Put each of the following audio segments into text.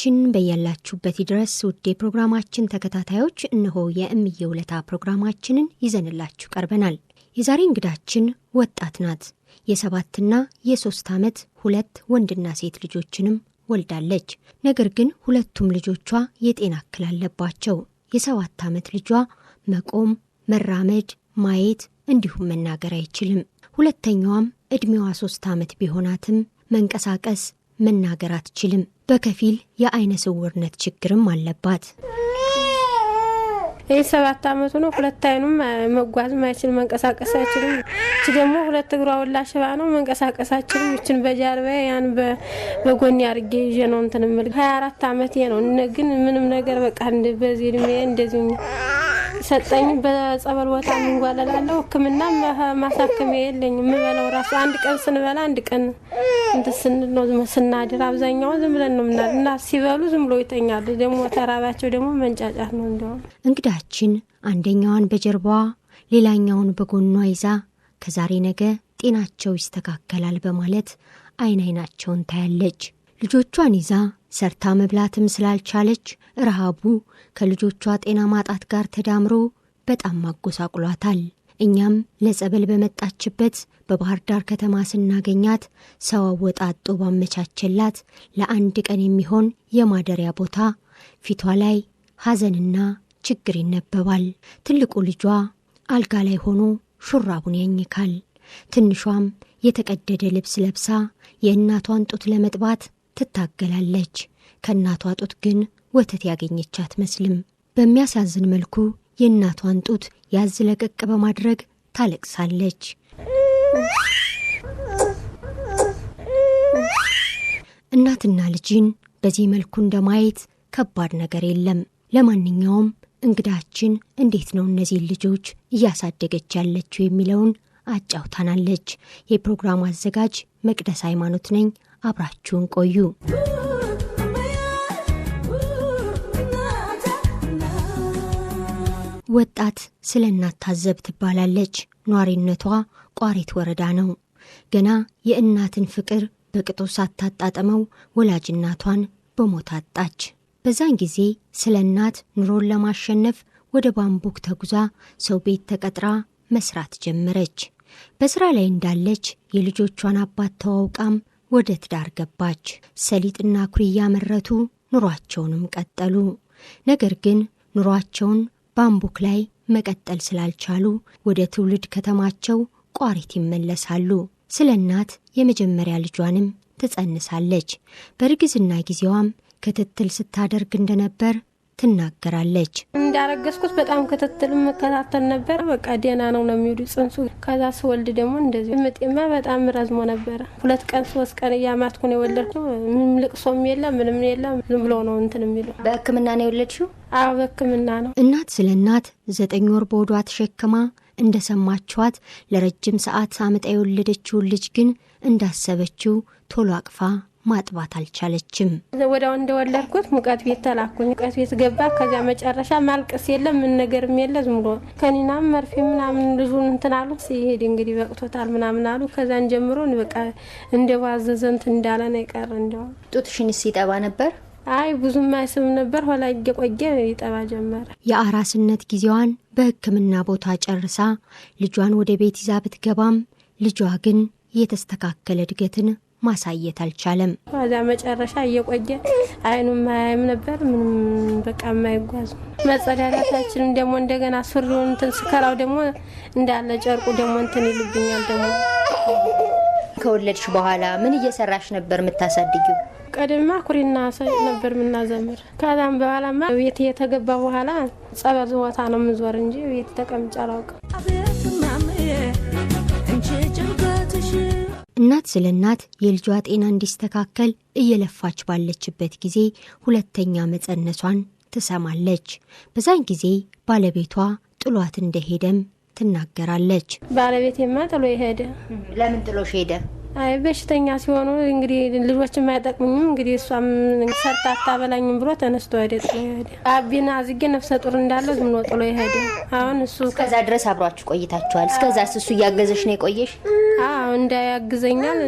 ሰላምታችን በያላችሁበት ድረስ ውድ የፕሮግራማችን ተከታታዮች፣ እነሆ የእምዬ ውለታ ፕሮግራማችንን ይዘንላችሁ ቀርበናል። የዛሬ እንግዳችን ወጣት ናት። የሰባትና የሶስት ዓመት ሁለት ወንድና ሴት ልጆችንም ወልዳለች። ነገር ግን ሁለቱም ልጆቿ የጤና እክል አለባቸው። የሰባት ዓመት ልጇ መቆም፣ መራመድ፣ ማየት እንዲሁም መናገር አይችልም። ሁለተኛዋም ዕድሜዋ ሶስት ዓመት ቢሆናትም መንቀሳቀስ መናገር አትችልም። በከፊል የአይነ ስውርነት ችግርም አለባት። ይህ ሰባት አመቱ ነው። ሁለት አይኑም መጓዝ ማይችል መንቀሳቀስ አይችልም። እች ደግሞ ሁለት እግሯ ወላ ነው መንቀሳቀስ አይችልም። እችን በጃርባ ያን በጎን አርጌ ይዤ ነው እንትን ምል ሀያ አራት አመቴ ነው። ግን ምንም ነገር በቃ በዚህ እድሜ እንደዚህ ሰጠኝ። በጸበል ቦታ ምንጓለላለሁ ሕክምና ማሳክም የለኝ የምበለው ራሱ አንድ ቀን ስንበላ አንድ ቀን እንትን ስንል ነው ስናድር። አብዛኛውን ዝም ብለን ነው ምናል እና ሲበሉ ዝም ብሎ ይተኛሉ። ደግሞ ተራባቸው ደግሞ መንጫጫት ነው። እንዲሁም እንግዳችን አንደኛዋን በጀርባዋ ሌላኛውን በጎኗ ይዛ ከዛሬ ነገ ጤናቸው ይስተካከላል በማለት አይን አይናቸውን ታያለች። ልጆቿን ይዛ ሰርታ መብላትም ስላልቻለች ረሃቡ ከልጆቿ ጤና ማጣት ጋር ተዳምሮ በጣም ማጎሳቁሏታል። እኛም ለጸበል በመጣችበት በባህር ዳር ከተማ ስናገኛት ሰው አወጣጦ ባመቻቸላት ለአንድ ቀን የሚሆን የማደሪያ ቦታ ፊቷ ላይ ሐዘንና ችግር ይነበባል። ትልቁ ልጇ አልጋ ላይ ሆኖ ሹራቡን ያኝካል። ትንሿም የተቀደደ ልብስ ለብሳ የእናቷን ጡት ለመጥባት ትታገላለች። ከእናቷ ጡት ግን ወተት ያገኘች አትመስልም። በሚያሳዝን መልኩ የእናቷን ጡት ያዝ ለቀቅ በማድረግ ታለቅሳለች። እናትና ልጅን በዚህ መልኩ እንደማየት ከባድ ነገር የለም። ለማንኛውም እንግዳችን እንዴት ነው እነዚህን ልጆች እያሳደገች ያለችው የሚለውን አጫውታናለች። የፕሮግራሙ አዘጋጅ መቅደስ ሃይማኖት ነኝ። አብራችሁን ቆዩ። ወጣት ስለ እናት ታዘብ ትባላለች። ኗሪነቷ ቋሪት ወረዳ ነው። ገና የእናትን ፍቅር በቅጡ ሳታጣጠመው ወላጅ እናቷን በሞት አጣች። በዛን ጊዜ ስለ እናት ኑሮን ለማሸነፍ ወደ ባምቡክ ተጉዛ ሰው ቤት ተቀጥራ መስራት ጀመረች። በስራ ላይ እንዳለች የልጆቿን አባት ተዋውቃም ወደ ትዳር ገባች። ሰሊጥና ኩሪ እያመረቱ ኑሯቸውንም ቀጠሉ። ነገር ግን ኑሯቸውን ባምቡክ ላይ መቀጠል ስላልቻሉ ወደ ትውልድ ከተማቸው ቋሪት ይመለሳሉ። ስለ እናት የመጀመሪያ ልጇንም ትጸንሳለች። በእርግዝና ጊዜዋም ክትትል ስታደርግ እንደነበር ትናገራለች። እንዳረገዝኩት በጣም ክትትል መከታተል ነበር። በቃ ደህና ነው ነው የሚሉ ጽንሱ። ከዛ ስወልድ ደግሞ እንደዚህ ምጤማ በጣም ረዝሞ ነበረ። ሁለት ቀን ሶስት ቀን እያማትኩን ነው የወለድኩ። ምንም ልቅሶም የለም ምንም የለም። ዝም ብሎ ነው እንትን የሚሉ። በህክምና ነው የወለድሽው? አዎ በህክምና ነው። እናት ስለ እናት ዘጠኝ ወር በወዷ ተሸክማ እንደሰማችኋት ለረጅም ሰዓት አምጣ የወለደችውን ልጅ ግን እንዳሰበችው ቶሎ አቅፋ ማጥባት አልቻለችም። ወዲያው እንደወለድኩት ሙቀት ቤት ተላኩኝ። ሙቀት ቤት ገባ። ከዚያ መጨረሻ ማልቀስ የለም ምን ነገርም የለ ዝም ብሎ ከኒናም መርፌ ምናምን ልጁን እንትን አሉ። ሲሄድ እንግዲህ በቅቶታል ምናምን አሉ። ከዛን ጀምሮ በቃ እንደባዘዘ እንትን እንዳለ ነው የቀረ። እንደው ጡትሽን ሲጠባ ነበር? አይ ብዙም አይስብም ነበር። ኋላ እየቆየ ይጠባ ጀመረ። የአራስነት ጊዜዋን በሕክምና ቦታ ጨርሳ ልጇን ወደ ቤት ይዛ ብትገባም ልጇ ግን የተስተካከለ እድገትን ማሳየት አልቻለም። ከዛ መጨረሻ እየቆየ አይኑ ማያይም ነበር። ምንም በቃ የማይጓዝ መጸዳዳታችንም ደግሞ እንደገና ሱሪውን እንትን ስከራው ደግሞ እንዳለ ጨርቁ ደግሞ እንትን ይልብኛል። ደግሞ ከወለድሽ በኋላ ምን እየሰራሽ ነበር የምታሳድጊው? ቀደማ ኩሪና ነበር የምናዘምር። ከዛም በኋላማ ቤት የተገባ በኋላ ጸበል ቦታ ነው የምዞር እንጂ ቤት ተቀምጬ አላውቅም። እናት ስለ እናት የልጇ ጤና እንዲስተካከል እየለፋች ባለችበት ጊዜ ሁለተኛ መጸነሷን ትሰማለች። በዛን ጊዜ ባለቤቷ ጥሏት እንደሄደም ትናገራለች። ባለቤቴማ ጥሎ ሄደ። ለምን ጥሎሽ ሄደ? አይ በሽተኛ ሲሆኑ እንግዲህ ልጆች አይጠቅሙኝም፣ እንግዲህ እሷም ሰርታ አታበላኝም ብሎ ተነስቶ ወደ ጥሎ ሄደ። አቢና አዝጌ ነፍሰ ጡር እንዳለ ዝምኖ ጥሎ ሄደ። አሁን እሱ እስከዛ ድረስ አብሯችሁ ቆይታችኋል። እስከዛ እሱ እያገዘሽ ነው የቆየሽ? እንዳያግዘኛል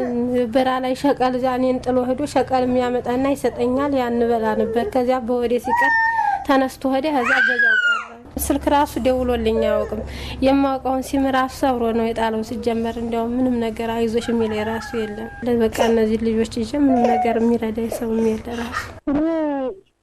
ብራ ላይ ሸቀል ዛኔን ጥሎ ሄዶ ሸቀል የሚያመጣና ይሰጠኛል። ያን በላ ነበር። ከዚያ በወዴ ሲቀር ተነስቶ ሄደ። ከዚያ በዛ ስልክ ራሱ ደውሎልኝ አያውቅም። የማውቀውን ሲም ራሱ ሰብሮ ነው የጣለው። ሲጀመር እንዲያውም ምንም ነገር አይዞሽ የሚል ራሱ የለም። በቃ እነዚህ ልጆች ይዤ ምንም ነገር የሚረዳ ሰው የሚል ራሱ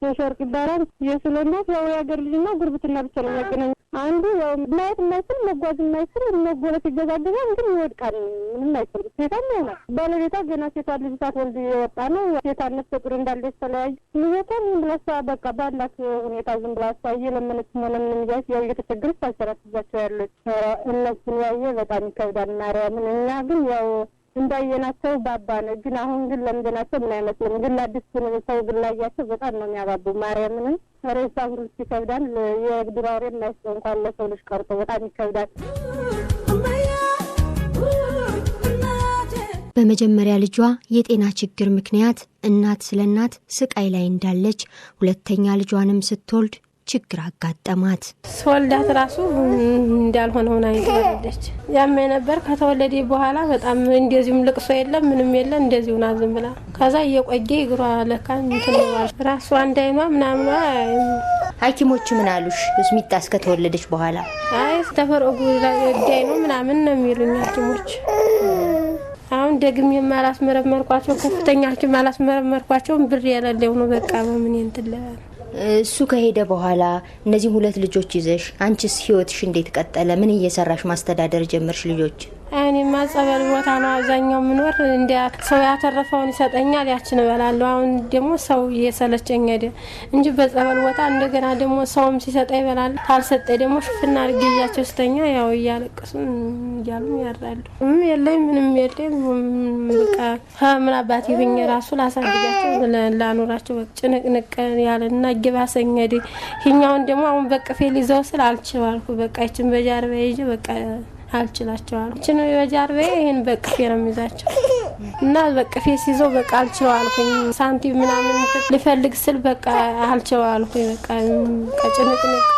የሸርቅ ይባላል። የስለሎት ያው የሀገር ልጅና ጉርብትና ብቻ ነው የሚያገናኝ። አንዱ ያው ማየት የማይችል መጓዝ የማይችል መጎለት ይገዛገዛል፣ ግን ይወድቃል። ምንም አይችል ሴታም ሆነ ባለቤቷ ገና ሴቷ ልጅ ሳትወልድ የወጣ ነው። ሴቷ ነፍሰ ጡር እንዳለች የተለያዩ ልጆቷን ዝም ብላ እሷ በቃ ባላት ሁኔታ ዝም ብላ እሷ እየለመነች ሆነ ምንም እያለች ያው እየተቸገረች ባልሰራት ያለች እነሱን ያየ በጣም ይከብዳል። ማርያምን እኛ ግን ያው እንዳየናቸው ባባ ነው። ግን አሁን ግን ለምደናቸው ምን አይመስልም። ግን ለአዲስ ሰው ግን ላያቸው በጣም ነው የሚያባቡ። ማርያምንም ሬሳ እንግልት ይከብዳል። የድራሬ አውሬ እንኳን ለሰው ልጅ ቀርቶ በጣም ይከብዳል። በመጀመሪያ ልጇ የጤና ችግር ምክንያት እናት ስለ እናት ስቃይ ላይ እንዳለች፣ ሁለተኛ ልጇንም ስትወልድ ችግር አጋጠማት። ስወልዳት ራሱ እንዳልሆነ ሆና የተወለደች ያም የነበር ከተወለደ በኋላ በጣም እንደዚሁም ልቅሶ የለም ምንም የለም እንደዚሁ ና ዝም ብላ ከዛ እየቆየ እግሯ ለካ ምትንዋል ራሱ አንድ አይኗ ምናምኗ ሐኪሞች ምን አሉሽ? እስሚጣስ ከተወለደች በኋላ አይ ተፈረጉ ጉዳይ ነው ምናምን ነው የሚሉኝ ሐኪሞች አሁን ደግሜ አላስመረመርኳቸው ከፍተኛ ሐኪም አላስመረመርኳቸውም ብር የሌለው ነው በቃ በምን ንትለ እሱ ከሄደ በኋላ እነዚህም ሁለት ልጆች ይዘሽ አንቺስ ህይወትሽ እንዴት ቀጠለ? ምን እየሰራሽ ማስተዳደር ጀመርሽ ልጆች እኔማ ጸበል ቦታ ነው አብዛኛው ምኖር። እንዲያ ሰው ያተረፈውን ይሰጠኛል፣ ያችን እበላለሁ። አሁን ደግሞ ሰው እየሰለቸኝ ሄደ እንጂ በጸበል ቦታ እንደገና ደግሞ ሰውም ሲሰጠ ይበላል። ካልሰጠ ደግሞ ሽፍና አድርጌ እያቸው ስተኛ ያው እያለቀሱ እያሉ ያራሉ። ምንም የለኝ ምንም የለኝ። ምን አባት ይብኝ ራሱ ላሳድጋቸው ላኖራቸው ጭንቅንቅ ያለ ያለና ግባሰኝ ሄደ። ይኸኛውን ደግሞ አሁን በቅፌ ሊዘው ስል አልችባልኩ። በቃ ይችን በጃርባ ይዤ በቃ አልችላቸዋል ችን በጃርቤ ይህን በቅፌ ነው የሚይዛቸው እና በቅፌ ሲይዘው በቃ አልችለው አልችለዋልኩኝ። ሳንቲም ምናምን ልፈልግ ስል በቃ አልችለው አልችለዋልኩኝ። በቃ ቀጭንቅንቃ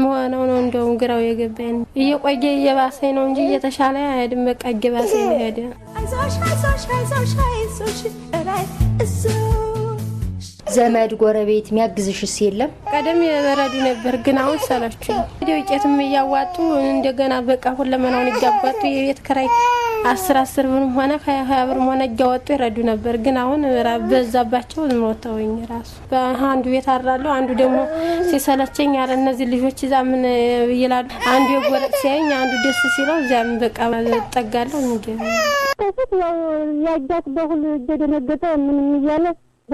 መሆነው ነው እንደውም ግራው የገባኝ እየቆየ እየባሰኝ ነው እንጂ እየተሻለ አይሄድም። በቃ እየባሰኝ ነው ሄደ። ዘመድ ጎረቤት የሚያግዝሽስ የለም? ቀደም የበረዱ ነበር፣ ግን አሁን ዲ ውጨትም እያዋጡ እንደገና በቃ ሁለመናውን እያዋጡ የቤት ክራይ አስር አስር ብርም ሆነ ሀያ ሀያ ብርም ሆነ እያወጡ ይረዱ ነበር። ግን አሁን በዛባቸው ዝም ራሱ አንዱ ቤት አራለሁ፣ አንዱ ደግሞ ሲሰለቸኝ ያለ እነዚህ ልጆች እዛ ምን ይላሉ። አንዱ የጎረጥ ሲያኝ አንዱ ደስ ሲለው እዚያም በቃ ጠጋለሁ። የሚገ በፊት ያው ያጃት በሁሉ እየደነገጠ ምንም እያለ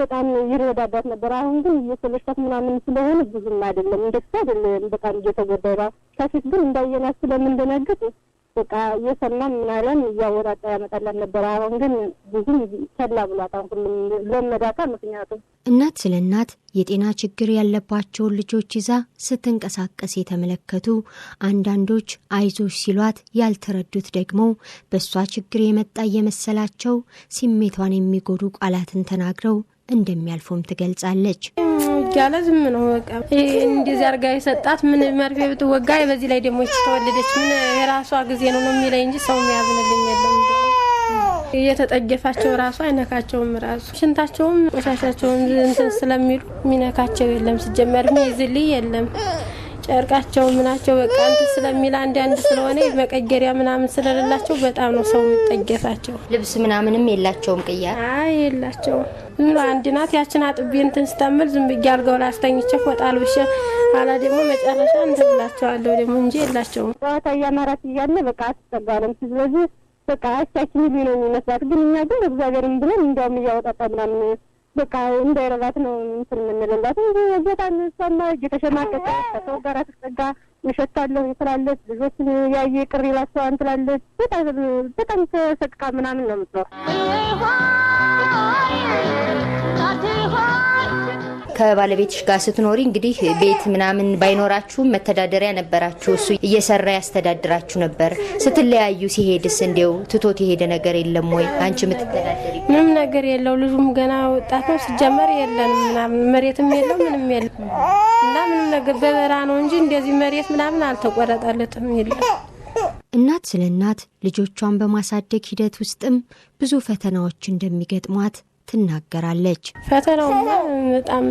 በጣም ይረዳዳት ነበር። አሁን ግን እየሰለቻት ምናምን ስለሆነ ብዙም አይደለም እንደሱ አይደለም። በጣም እየተጎዳይ ራ ከፊት ግን እንዳየናት ስለምንደነግጥ በቃ እየሰማን ምናለን እያወራጣ ያመጣላት ነበር። አሁን ግን ብዙም ሰላ ብሏት ሁሉም ለመዳታ ምክንያቱም እናት ስለ እናት የጤና ችግር ያለባቸውን ልጆች ይዛ ስትንቀሳቀስ የተመለከቱ አንዳንዶች አይዞች ሲሏት ያልተረዱት ደግሞ በእሷ ችግር የመጣ እየመሰላቸው ስሜቷን የሚጎዱ ቃላትን ተናግረው እንደሚያልፉም ትገልጻለች። እያለ ዝም ነው በቃ እንደዚህ አርጋ የሰጣት ምን መርፌ ብትወጋ በዚህ ላይ ደግሞ ተወለደች ምን የራሷ ጊዜ ነው ነው የሚለኝ እንጂ ሰው የሚያዝንልኝ የለም። እየተጠገፋቸው ራሱ አይነካቸውም። ራሱ ሽንታቸውም ቆሻሻቸውም እንትን ስለሚሉ የሚነካቸው የለም። ሲጀመር ሚይዝልኝ የለም ጨርቃቸው ምናቸው በቃ እንትን ስለሚል አንድ አንድ ስለሆነ መቀየሪያ ምናምን ስለሌላቸው በጣም ነው ሰው የሚጠየፋቸው። ልብስ ምናምንም የላቸውም ቅያ አይ የላቸውም። ዝም አንድ ናት ያችን አጥቤ እንትን ስተምል ዝም ብዬ አልገው ላይ አስተኝቼ ብሸ አላ ደግሞ መጨረሻ እንትን ደግሞ እንጂ የላቸውም። ጨዋታ እያመራት እያለ በቃ አትጠጋለም ስለዚህ በቃ አቻችን ሁሉ ነው የሚመስላት። ግን እኛ ግን እግዚአብሔርም ብለን እንዲያውም እያወጣጣ ምናምን በቃ እንዳይረባት ነው እንትን የምንልላት በጣም እሷማ እየተሸማቀቀ ከሰው ጋር ትጠጋ እሸታለሁ ትላለች። ልጆች ያየ ቅር ይላቸዋል ትላለች። በጣም በጣም ተሰቅቃ ምናምን ነው የምትኖር ከባለቤትሽ ጋር ስትኖሪ እንግዲህ ቤት ምናምን ባይኖራችሁም መተዳደሪያ ነበራችሁ። እሱ እየሰራ ያስተዳድራችሁ ነበር። ስትለያዩ ሲሄድስ እንዲው ትቶት የሄደ ነገር የለም ወይ? አንቺ ምትተዳደሪ ምንም ነገር የለው። ልጁም ገና ወጣት ነው። ሲጀመር የለን ምናምን መሬትም የለው ምንም የለም እና ምንም ነገር በበራ ነው እንጂ እንደዚህ መሬት ምናምን አልተቆረጠለትም የለም። እናት ስለ እናት ልጆቿን በማሳደግ ሂደት ውስጥም ብዙ ፈተናዎች እንደሚገጥሟት ትናገራለች። ፈተናው በጣም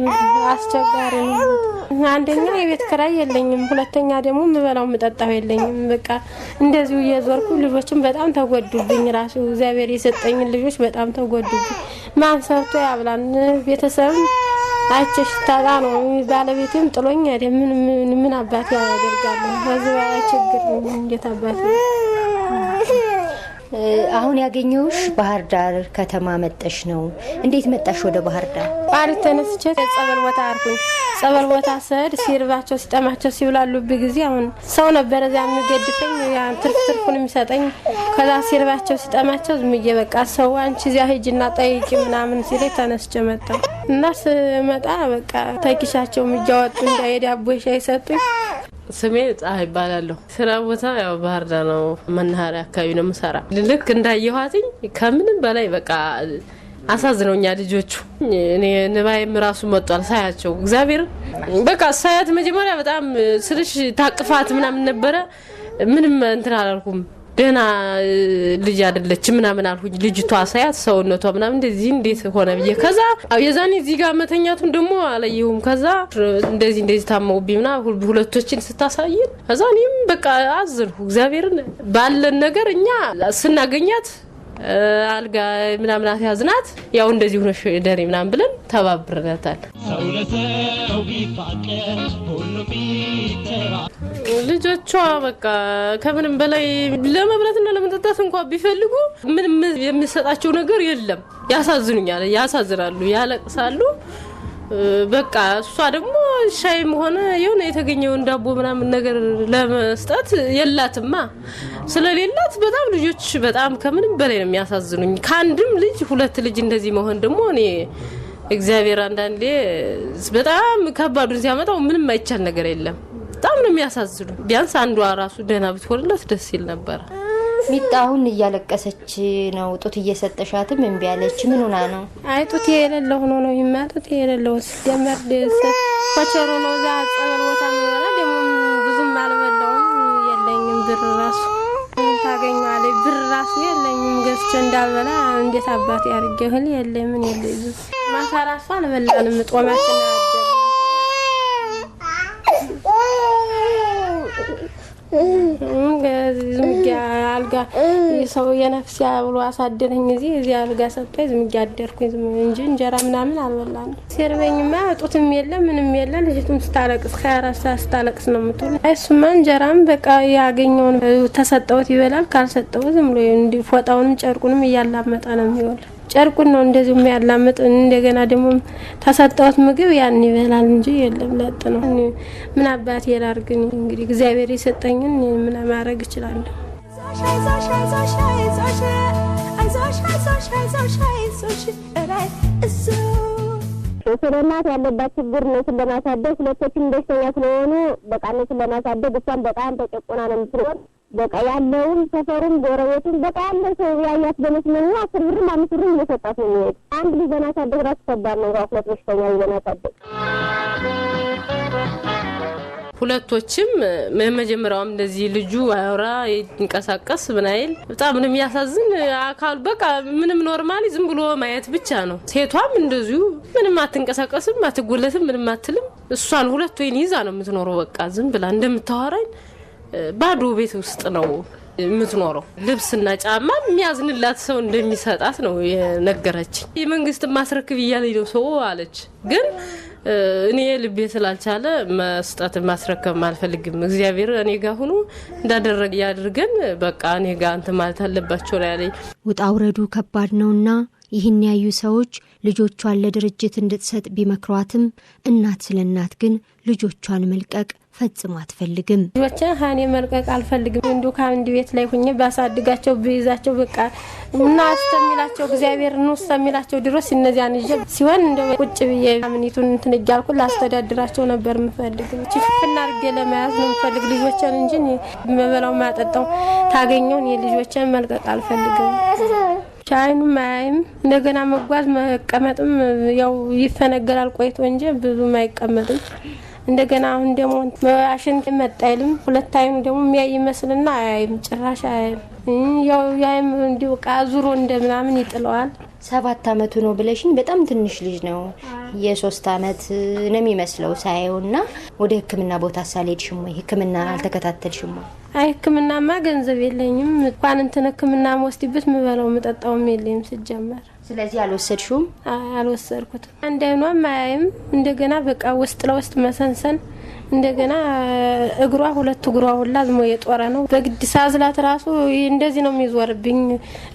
አስቸጋሪ ነው። አንደኛ የቤት ክራይ የለኝም፣ ሁለተኛ ደግሞ ምበላው ምጠጣው የለኝም። በቃ እንደዚሁ እየዞርኩ ልጆችም በጣም ተጎዱብኝ። ራሱ እግዚአብሔር የሰጠኝ ልጆች በጣም ተጎዱብኝ። ማን ሰርቶ ያብላን? ቤተሰብም አይቸሽ ታጣ ነው። ባለቤትም ጥሎኝ ምን ምን አባት ያደርጋለሁ። ከዚህ ችግር እንዴት አባት አሁን ያገኘውሽ ባህር ዳር ከተማ መጠሽ ነው። እንዴት መጣሽ ወደ ባህር ዳር? ጧሪት ተነስቼ ጸበል ቦታ አርኩኝ። ጸበል ቦታ ስሄድ ሲርባቸው ሲጠማቸው ሲብላሉብኝ ጊዜ አሁን ሰው ነበረ እዚያ የሚገድፈኝ ትርፍ ትርፉን የሚሰጠኝ። ከዛ ሲርባቸው ሲጠማቸው ዝም ብዬ በቃ ሰው አንቺ እዚያ ሂጂና ጠይቂ ምናምን ሲለኝ ተነስቼ መጣሁ እና ስመጣ በቃ ተኪሻቸው እያወጡ እንዳሄድ አቦ ሻይ ሰጡኝ ስሜ ፀሐይ ይባላለሁ። ስራ ቦታ ያው ባህር ዳር ነው፣ መናኸሪያ አካባቢ ነው ምሰራ ልክ እንዳየኋትኝ ከምንም በላይ በቃ አሳዝነውኛ ልጆቹ። እኔ ንባይም ራሱ መጧል ሳያቸው፣ እግዚአብሔር በቃ ሳያት መጀመሪያ በጣም ስልሽ ታቅፋት ምናምን ነበረ። ምንም እንትን አላልኩም ደህና ልጅ አይደለችም ምናምን አልሁኝ። ልጅቷ ሳያት ሰውነቷ ምናምን እንደዚህ እንዴት ሆነ ብዬ ከዛ የዛኔ እዚህ ጋር መተኛቱን ደግሞ አላየሁም። ከዛ እንደዚህ እንደዚህ ታመውብኝ ምና ሁለቶችን ስታሳየን ከዛ እኔም በቃ አዘንሁ። እግዚአብሔርን ባለን ነገር እኛ ስናገኛት አልጋ ምናምን ያዝናት ያው እንደዚህ ሆነሽ ደሪ ምናምን ብለን ተባብረናታል። ልጆቿ በቃ ከምንም በላይ ለመብላትና ለመጠጣት እንኳ ቢፈልጉ ምንም የሚሰጣቸው ነገር የለም። ያሳዝኑኛል፣ ያሳዝናሉ፣ ያለቅሳሉ። በቃ እሷ ደግሞ ሻይም ሆነ የሆነ የተገኘውን ዳቦ ምናምን ነገር ለመስጠት የላትማ። ስለሌላት በጣም ልጆች በጣም ከምንም በላይ ነው የሚያሳዝኑኝ። ከአንድም ልጅ ሁለት ልጅ እንደዚህ መሆን ደግሞ እኔ እግዚአብሔር አንዳንዴ በጣም ከባዱን ሲያመጣው ምንም አይቻል ነገር የለም። በጣም ነው የሚያሳዝኑ። ቢያንስ አንዷ ራሱ ደህና ብትሆንለት ደስ ይል ነበረ። ሚጣ አሁን እያለቀሰች ነው። ጡት እየሰጠሻትም እምቢ አለች። ምን ሆና ነው? አይ ጡት የሌለው ሆኖ ነው ይማ ጡት የሌለው ደስ ፈቸሮ ነው። እዛ ጸበል ቦታ ደግሞ ብዙም አልበላውም። የለኝም ብር ራሱ ብር ራሱ የለኝም ገዝቼ እንዳልበላ እንዴት አባት የለ ምን የለ ማታ ራሱ አልበላንም ጦማችን ዝምጊያ አልጋ ሰው የነፍስ ብሎ አሳደረኝ። እዚህ እዚህ አልጋ ሰጥቶኝ ዝምጊያ አደርኩኝ እንጂ እንጀራ ምናምን አልበላንም። ሲርበኝማ ጡትም የለ ምንም የለ። ልጅቱም ስታለቅስ ከረሳ ስታለቅስ ነው የምትውል። እሱማ እንጀራም በቃ ያገኘውን ተሰጠውት ይበላል፣ ካልሰጠው ዝም ብሎ ፎጣውንም ጨርቁንም እያላመጠ ነው የሚውል። ጨርቁን ነው እንደዚህ የሚያላምጥ። እንደገና ደግሞ ታሳጣሁት ምግብ ያን ይበላል እንጂ የለም ለጥ ነው። ምን አባት የላርግ እንግዲህ እግዚአብሔር የሰጠኝን ምን ማድረግ እችላለሁ? ስለ እናት ያለባት ችግር እነሱን ለማሳደግ ሁለቶችም ደስተኛ ስለሆኑ በቃ እነሱን ለማሳደግ እሷን በጣም ተጨቁና ነው የምትኖር በቃ ያለውን ሰፈሩን ጎረቤቱን በቃ ያለ ሰው ያያት በመስመና አስር ብርም አምስት ብርም እየሰጣት ነው የሚሄድ። አንድ ልጅ ገና ሳደግ ራሱ ከባድ ነው። ሁለት በሽተኛ ገና ሳደግ ሁለቶችም መጀመሪያውም እንደዚህ ልጁ አያወራ ይንቀሳቀስ ብናይል በጣም ምንም የሚያሳዝን አካሉ በቃ ምንም ኖርማሊ ዝም ብሎ ማየት ብቻ ነው። ሴቷም እንደዚሁ ምንም አትንቀሳቀስም፣ አትጎለትም፣ ምንም አትልም። እሷን ሁለት ወይን ይዛ ነው የምትኖረው። በቃ ዝም ብላ እንደምታወራኝ ባዶ ቤት ውስጥ ነው የምትኖረው ልብስና ጫማ የሚያዝንላት ሰው እንደሚሰጣት ነው የነገረች። የመንግስት ማስረክብ እያለኝ ነው ሰው አለች። ግን እኔ ልቤ ስላልቻለ መስጠት ማስረከብ አልፈልግም። እግዚአብሔር እኔ ጋር ሁኑ እንዳደረገ ያድርገን። በቃ እኔ ጋር እንትን ማለት አለባቸው ነው ያለኝ። ውጣ ውረዱ ከባድ ነውና ይህን ያዩ ሰዎች ልጆቿን ለድርጅት እንድትሰጥ ቢመክሯትም እናት ስለ እናት ግን ልጆቿን መልቀቅ ፈጽሞ አትፈልግም። ልጆቼን ሀኔ መልቀቅ አልፈልግም። እንዱ ከአንድ ቤት ላይ ሁኜ ባሳድጋቸው ብይዛቸው በቃ እና ስተሚላቸው እግዚአብሔር ነው ስተሚላቸው ድሮስ እነዚያን ይዤ ሲሆን እንደ ቁጭ ብዬ አምኒቱን እንትን እያልኩ ላስተዳድራቸው ነበር የምፈልግ። ሽፍና አድርጌ ለመያዝ ነው የምፈልግ ልጆቼን እንጂ መበላው ማጠጣው ታገኘውን የልጆቼን መልቀቅ አልፈልግም። ቻይኑ ማይም እንደገና መጓዝ መቀመጥም ያው ይፈነገላል ቆይቶ እንጂ ብዙም አይቀመጥም። እንደገና አሁን ደግሞ አሽን መጣ አይልም። ሁለት አይኑ ደግሞ የሚያይ ይመስልና አያይም፣ ጭራሽ አያይም። ያው ያይም እንዲሁ ቃ ዙሮ እንደምናምን ይጥለዋል። ሰባት አመቱ ነው ብለሽኝ፣ በጣም ትንሽ ልጅ ነው። የሶስት አመት ነው የሚመስለው ሳየው። ሳየውና፣ ወደ ህክምና ቦታ ሳልሄድሽም ወይ ህክምና አልተከታተልሽም ወይ? አይ ህክምናማ ገንዘብ የለኝም። እንኳን እንትን ህክምና ወስድበት ምበላው ምጠጣውም የለኝም ስጀመር ስለዚህ አልወሰድሽውም? አልወሰድኩት። አንድ አይኗም ማያይም እንደገና በቃ ውስጥ ለውስጥ መሰንሰን እንደገና እግሯ ሁለት እግሯ ሁላ ዝሞ የጦረ ነው። በግድ ሳዝላት ራሱ እንደዚህ ነው የሚዞርብኝ።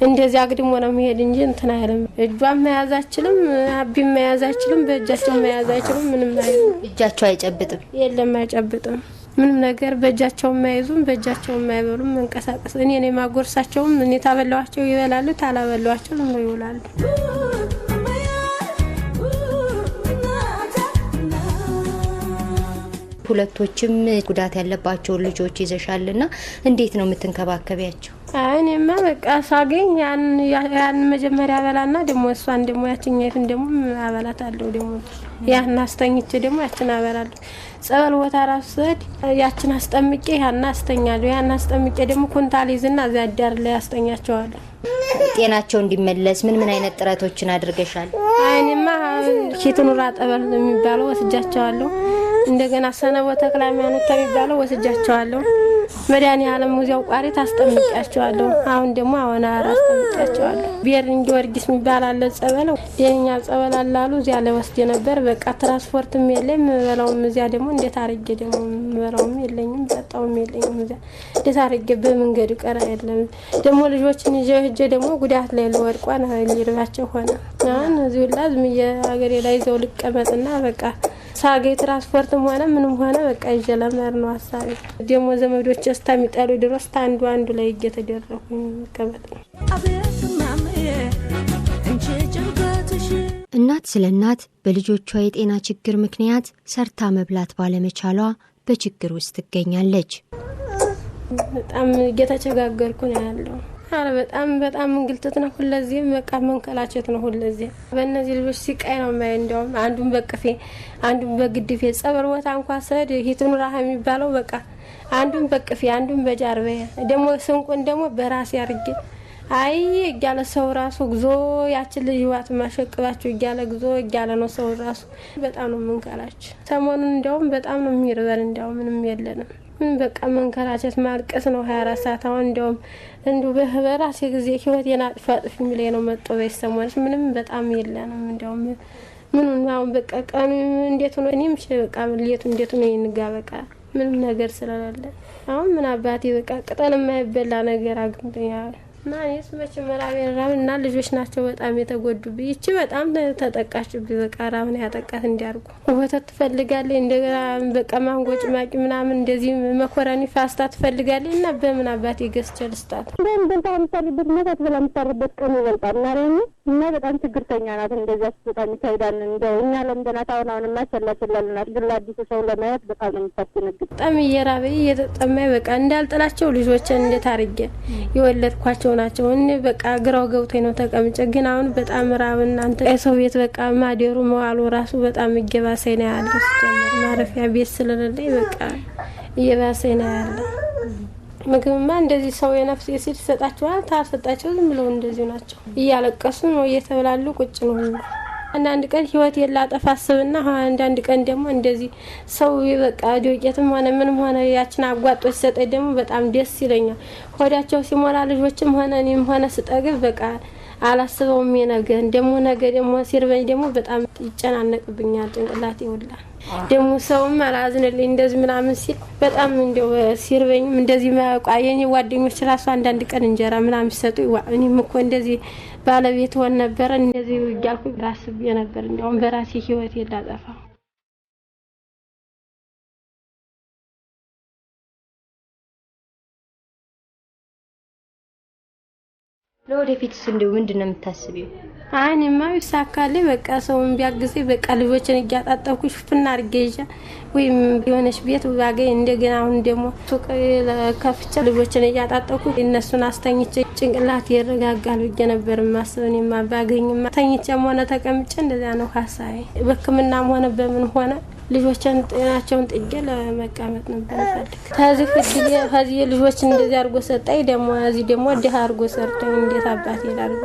እንደዚህ አግድሞ ነው የሚሄድ እንጂ እንትን አይልም። እጇን መያዝ አችልም፣ አቢ መያዝ አይችልም በእጃቸው መያዝ አይችልም። ምንም አይልም። እጃቸው አይጨብጥም። የለም አይጨብጥም። ምንም ነገር በእጃቸው የማይዙም በእጃቸው የማይበሉም መንቀሳቀስ እኔ ነው ማጎርሳቸውም እኔ ታበለዋቸው ይበላሉ፣ ታላበለዋቸው ዝም ብለው ይውላሉ። ሁለቶችም ጉዳት ያለባቸውን ልጆች ይዘሻል እና እንዴት ነው የምትንከባከቢያቸው? እኔማ በቃ ሳገኝ ያን መጀመሪያ አበላና ደግሞ እሷን ደግሞ ያችኛይቱን ደግሞ አበላት አለው ደግሞ ያን አስተኝቼ ደግሞ ያችን አበላለሁ። ጸበል ቦታ ራሱ ዘድ ያችን አስጠምቄ ያን አስተኛለሁ። ያን አስጠምቄ ደግሞ ኩንታል ይዝና እዚያ ዳር ላይ አስተኛቸዋለሁ። ጤናቸው እንዲመለስ ምን ምን አይነት ጥረቶችን አድርገሻል? አይንማ ኪትኑራ ጠበል የሚባለው ወስጃቸዋለሁ። እንደገና ሰነቦ ተክለ ሃይማኖት ከሚባለው ወስጃቸዋለሁ። መድኃኔዓለም ሙዚያው ቋሪት አስጠምቂያቸዋለሁ። አሁን ደግሞ አወናር አስጠምቂያቸዋለሁ። ቤርን ጊዮርጊስ የሚባል አለ ጸበለው ደኛ ጸበል አላሉ እዚያ ለወስድ ነበር። በቃ ትራንስፖርትም የለም የምበላውም እዚያ ደግሞ እንዴት አርጌ ደግሞ የምበላውም የለኝም ጠጣውም የለኝም እዚያ እንዴት አርጌ በመንገዱ ቀረ የለም ደግሞ ልጆችን ይዤ ሂጄ ደግሞ ጉዳት ላይ ልወድቋን ሊርባቸው ሆነ። አሁን እዚሁ ላዝም የሀገሬ ላይ ይዘው ልቀመጥና በቃ ሳገኝ ትራንስፖርትም ሆነ ምንም ሆነ በቃ ይዤ ለመሄድ ነው ሀሳቤ። ደግሞ ዘመዶች እስከሚጠሉ ድረስ አንዱ አንዱ ላይ እየተደረኩኝ መቀመጥ እናት ስለ እናት በልጆቿ የጤና ችግር ምክንያት ሰርታ መብላት ባለመቻሏ በችግር ውስጥ ትገኛለች። በጣም እየተቸጋገርኩ ነው ያለው። አረ በጣም በጣም እንግልትት ነው። ሁለዚህም በቃ መንከላቸት ነው። ሁለዚህ በእነዚህ ልጆች ሲቃይ ነው ማየ። እንዲያውም አንዱን በቅፌ አንዱን በግድፌ ጸበር ቦታ እንኳ ሰድ ሂቱን ራህ የሚባለው በቃ አንዱን በቅፌ አንዱን በጃርበያ ደግሞ ስንቁን ደግሞ በራሴ አርጌ አይ እያለ ሰው ራሱ ግዞ ያችን ልጅ ዋት ማሸቅባችሁ እያለ ግዞ እያለ ነው ሰው ራሱ። በጣም ነው የምንከላችሁ። ሰሞኑን እንዲያውም በጣም ነው የሚርበል እንዲያውም ምንም የለንም። ምን በቃ መንከራቸት ማልቀስ ነው ሀያ አራት ሰዓት አሁን እንዲያውም እንዲሁ በራሴ ጊዜ ህይወቴን አጥፍ አጥፍ የሚል ነው መጦ በሰሞንሽ ምንም በጣም የለንም። እንዲያውም ምኑን አሁን በቃ ቀኑ እንዴት ነው? እኔም ሽ በቃ ሌቱ እንዴት ነው? ይንጋ በቃ ምንም ነገር ስለሌለ አሁን ምን አባቴ በቃ ቅጠል የማይበላ ነገር አግኝቶኛል። እና እኔስ መቼም ራም እና ልጆች ናቸው በጣም የተጎዱብኝ። ይቺ በጣም ተጠቃችብኝ። በቃ ራምን ያጠቃት እንዲያርጉ ወተት ትፈልጋለች፣ እንደገና በቃ ማንጎ ጭማቂ ምናምን እንደዚህ መኮረኒ ፋስታ ትፈልጋለች። እና በምን አባቴ የገዝቼ ልስጣት? በምን በልታ የምሰሪበት መታት ብላ የምሰሪበት ቀን ይበልጣል ማርያምን እና በጣም ችግርተኛ ናት። እንደዚያ በጣም ይካሄዳል። እንደ እኛ ለምደናት አሁን አሁንማ ቸላችላለናት፣ ግን ለአዲሱ ሰው ለማየት በጣም ነው የምታስደነግጥ። በጣም እየራበ እየተጠማ በቃ እንዳልጥላቸው ልጆችን እንዴት አድርጌ የወለድኳቸው ናቸው። እኔ በቃ ግራው ገብቶኝ ነው ተቀምጨ። ግን አሁን በጣም ራብ እናንተ ሰው ቤት በቃ ማደሩ መዋሉ ራሱ በጣም እየባሰኝ ነው ያለ። ማረፊያ ቤት ስለሌለኝ በቃ እየባሰኝ ነው ያለ ምግብማ እንደዚህ ሰው የነፍስ የሲድ ይሰጣቸዋል። ታሰጣቸው ዝም ብለው እንደዚሁ ናቸው። እያለቀሱ ነው እየተብላሉ ቁጭ ነው። አንዳንድ ቀን ህይወት የላጠፋ አስብና አንዳንድ ቀን ደግሞ እንደዚህ ሰው በቃ ዶቄትም ሆነ ምንም ሆነ ያችን አጓጦ ሲሰጠኝ ደግሞ በጣም ደስ ይለኛል። ሆዳቸው ሲሞላ ልጆችም ሆነ እኔም ሆነ ስጠግብ በቃ አላስበውም የነገ ደግሞ ነገ ደግሞ ሲርበኝ ደግሞ በጣም ይጨናነቅብኛል ጭንቅላት ይውላል። ደግሞ ሰውም አላዝንልኝ እንደዚህ ምናምን ሲል በጣም እንደው ሲርበኝም እንደዚህ ማያውቁ የኔ ጓደኞች ራሱ አንዳንድ ቀን እንጀራ ምናምን ሲሰጡ እኔም እኮ እንደዚህ ባለቤት ሆን ነበረ እንደዚህ እያልኩ ራስብ የነበር እንዲሁም በራሴ ህይወት የላጠፋ ለወደፊት እንደው ምንድን ነው የምታስቢው? አይ እኔማ ይሳካልኝ በቃ ሰውን ቢያግዜ በቃ ልጆችን እያጣጠብኩ ሽፍና አድርጌ ይዣ ወይም የሆነች ቤት ባገኝ እንደገና አሁን ደግሞ ሱቅ ከፍቼ ልጆችን እያጣጠብኩ እነሱን አስተኝቼ ጭንቅላት ይረጋጋል ብዬ ነበር የማስብ። እኔማ ባገኝማ ተኝቼም ሆነ ተቀምጬ እንደዚያ ነው ሀሳቤ። በሕክምናም ሆነ በምን ሆነ ልጆችን ጤናቸውን ጥጌ ለመቀመጥ ነበር ፈልግ ከዚህ እድል ከዚህ ልጆች እንደዚህ አድርጎ ሰጠኝ። ደግሞ እዚህ ደግሞ ድሃ አድርጎ ሰርቶኝ እንዴት አባት ይላል።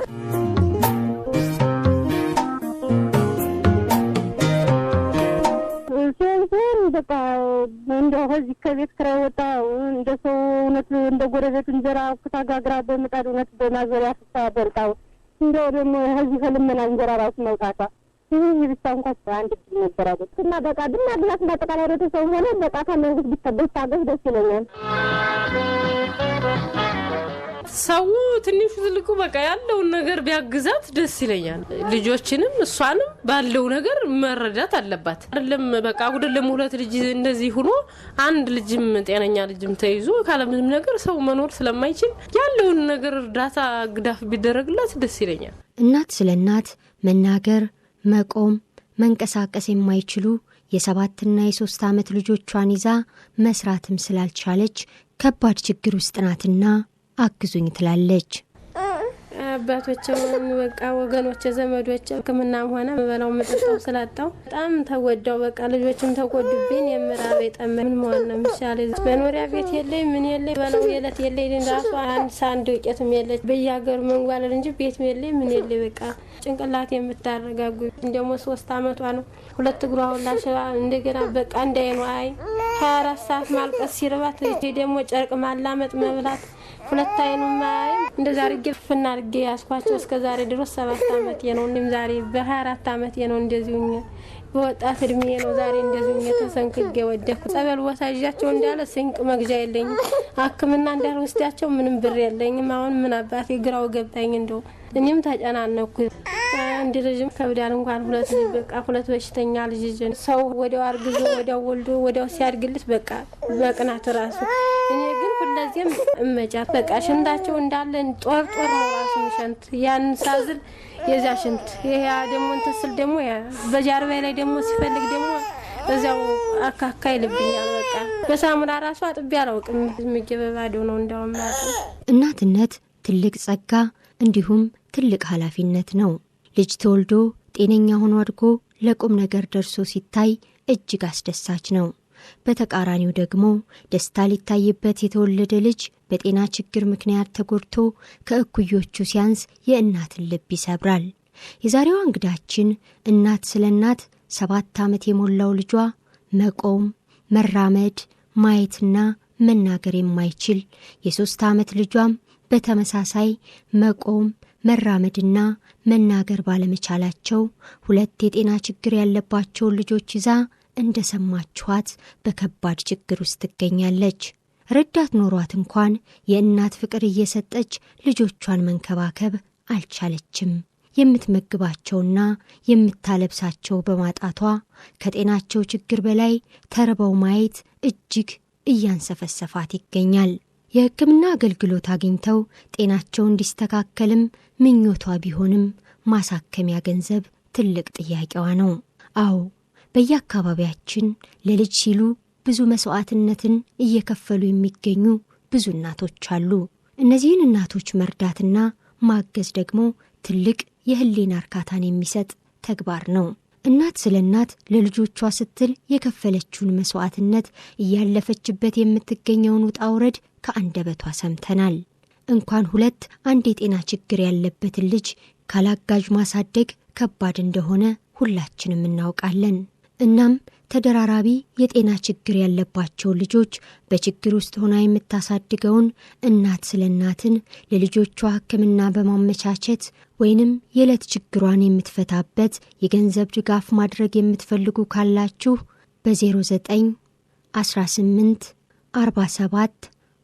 በቃ እንደው ከዚህ ከቤት ክራይ ወጣ እንደ ሰው እውነት እንደ ጎረቤት እንጀራ ኩታ ጋግራ በምጣድ እውነት በማዞሪያ ፍሳ በልጣው እንደ ደግሞ ከዚህ ከልመና እንጀራ ራሱ መውጣቷ ይህ ብቻ እና በቃ እንዳጠቃላይ ህብረተሰቡ ሆነ በቃ ከመንግስት ደስ ይለኛል። ሰው ትንሹ ትልቁ በቃ ያለውን ነገር ቢያግዛት ደስ ይለኛል። ልጆችንም እሷንም ባለው ነገር መረዳት አለባት። አይደለም በቃ አይደለም ሁለት ልጅ እንደዚህ ሆኖ አንድ ልጅም ጤነኛ ልጅም ተይዞ ካለምንም ነገር ሰው መኖር ስለማይችል ያለውን ነገር እርዳታ ግዳፍ ቢደረግላት ደስ ይለኛል። እናት ስለ እናት መናገር መቆም፣ መንቀሳቀስ የማይችሉ የሰባትና የሶስት ዓመት ልጆቿን ይዛ መስራትም ስላልቻለች ከባድ ችግር ውስጥ ናትና አግዙኝ ትላለች። አባቶቼ በቃ ወገኖች ዘመዶቼ ሕክምናም ሆነ በላው የምጠጣው ስላጣው በጣም ተጎዳው። በቃ ልጆችም ተጎዱብኝ። የምራብ የጠመ ምን መሆን ነው የሚሻለ? መኖሪያ ቤት የለኝ ምን የለኝ በላው የለት የለኝ ራሱ አንድ ሳንድ ውቄትም የለች። በየሀገሩ መንጓለል እንጂ ቤት የለኝ ምን የለኝ። በቃ ጭንቅላት የምታረጋጉ እንደሞ ሶስት አመቷ ነው። ሁለት እግሯ ሁላ እንደገና በቃ እንዳይኑ አይ ሀያ አራት ሰዓት ማልቀስ ሲርባት ደግሞ ጨርቅ ማላመጥ መብላት ሁለት አይኑ ማያይም እንደዛ አድርጌ ፍና አድርጌ ያስኳቸው እስከ ዛሬ ድረስ ሰባት አመት ነው። እንዲም ዛሬ በሀያ አራት አመት ነው እንደዚሁ በወጣት እድሜ ነው ዛሬ እንደዚሁ ተሰንክጌ ወደኩ። ጸበል ቦታ ይዣቸው እንዳለ ስንቅ መግዣ የለኝም፣ ሕክምና እንዳልወስዳቸው ምንም ብር የለኝም። አሁን ምን አባቴ ግራው ገባኝ እንደው እኔም ተጨናነኩ። አንድ ልጅም ከብዳል እንኳን ሁለት በቃ ሁለት በሽተኛ ልጅ ሰው ወዲያው አርግዞ ወዲያው ወልዶ ወዲያው ሲያድግልት በቃ በቅናት ራሱ እኔ ግን ሁለዚህም እመጫት በቃ ሽንታቸው እንዳለን ጦር ጦር ነው ራሱ ሸንት ያን ሳዝል የዛ ሽንት ይሄ ደግሞ እንትስል ደግሞ በጀርባዬ ላይ ደግሞ ሲፈልግ ደግሞ እዚያው አካካ ይልብኛል። በቃ በሳሙና ራሱ አጥቤ አላውቅም። ምግብ ባዶ ነው እንዳውም እናትነት ትልቅ ጸጋ እንዲሁም ትልቅ ኃላፊነት ነው። ልጅ ተወልዶ ጤነኛ ሆኖ አድጎ ለቁም ነገር ደርሶ ሲታይ እጅግ አስደሳች ነው። በተቃራኒው ደግሞ ደስታ ሊታይበት የተወለደ ልጅ በጤና ችግር ምክንያት ተጎድቶ ከእኩዮቹ ሲያንስ የእናትን ልብ ይሰብራል። የዛሬዋ እንግዳችን እናት ስለ እናት ሰባት ዓመት የሞላው ልጇ መቆም፣ መራመድ፣ ማየትና መናገር የማይችል የሦስት ዓመት ልጇም በተመሳሳይ መቆም መራመድና መናገር ባለመቻላቸው ሁለት የጤና ችግር ያለባቸውን ልጆች ይዛ እንደሰማችኋት በከባድ ችግር ውስጥ ትገኛለች። ረዳት ኖሯት እንኳን የእናት ፍቅር እየሰጠች ልጆቿን መንከባከብ አልቻለችም። የምትመግባቸውና የምታለብሳቸው በማጣቷ ከጤናቸው ችግር በላይ ተርበው ማየት እጅግ እያንሰፈሰፋት ይገኛል። የሕክምና አገልግሎት አግኝተው ጤናቸው እንዲስተካከልም ምኞቷ ቢሆንም ማሳከሚያ ገንዘብ ትልቅ ጥያቄዋ ነው። አዎ በየአካባቢያችን ለልጅ ሲሉ ብዙ መስዋዕትነትን እየከፈሉ የሚገኙ ብዙ እናቶች አሉ። እነዚህን እናቶች መርዳትና ማገዝ ደግሞ ትልቅ የህሊና እርካታን የሚሰጥ ተግባር ነው። እናት ስለ እናት ለልጆቿ ስትል የከፈለችውን መስዋዕትነት እያለፈችበት የምትገኘውን ውጣ ውረድ ከአንደበቷ ሰምተናል። እንኳን ሁለት አንድ የጤና ችግር ያለበትን ልጅ ካላጋዥ ማሳደግ ከባድ እንደሆነ ሁላችንም እናውቃለን። እናም ተደራራቢ የጤና ችግር ያለባቸው ልጆች በችግር ውስጥ ሆና የምታሳድገውን እናት ስለ እናትን ለልጆቿ ሕክምና በማመቻቸት ወይንም የዕለት ችግሯን የምትፈታበት የገንዘብ ድጋፍ ማድረግ የምትፈልጉ ካላችሁ በ09 47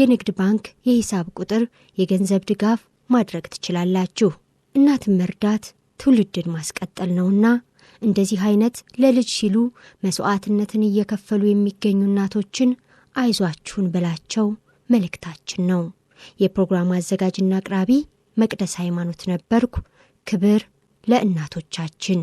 የንግድ ባንክ የሂሳብ ቁጥር የገንዘብ ድጋፍ ማድረግ ትችላላችሁ። እናትን መርዳት ትውልድን ማስቀጠል ነውና እንደዚህ አይነት ለልጅ ሲሉ መስዋዕትነትን እየከፈሉ የሚገኙ እናቶችን አይዟችሁን ብላቸው መልእክታችን ነው። የፕሮግራሙ አዘጋጅና አቅራቢ መቅደስ ሃይማኖት ነበርኩ። ክብር ለእናቶቻችን።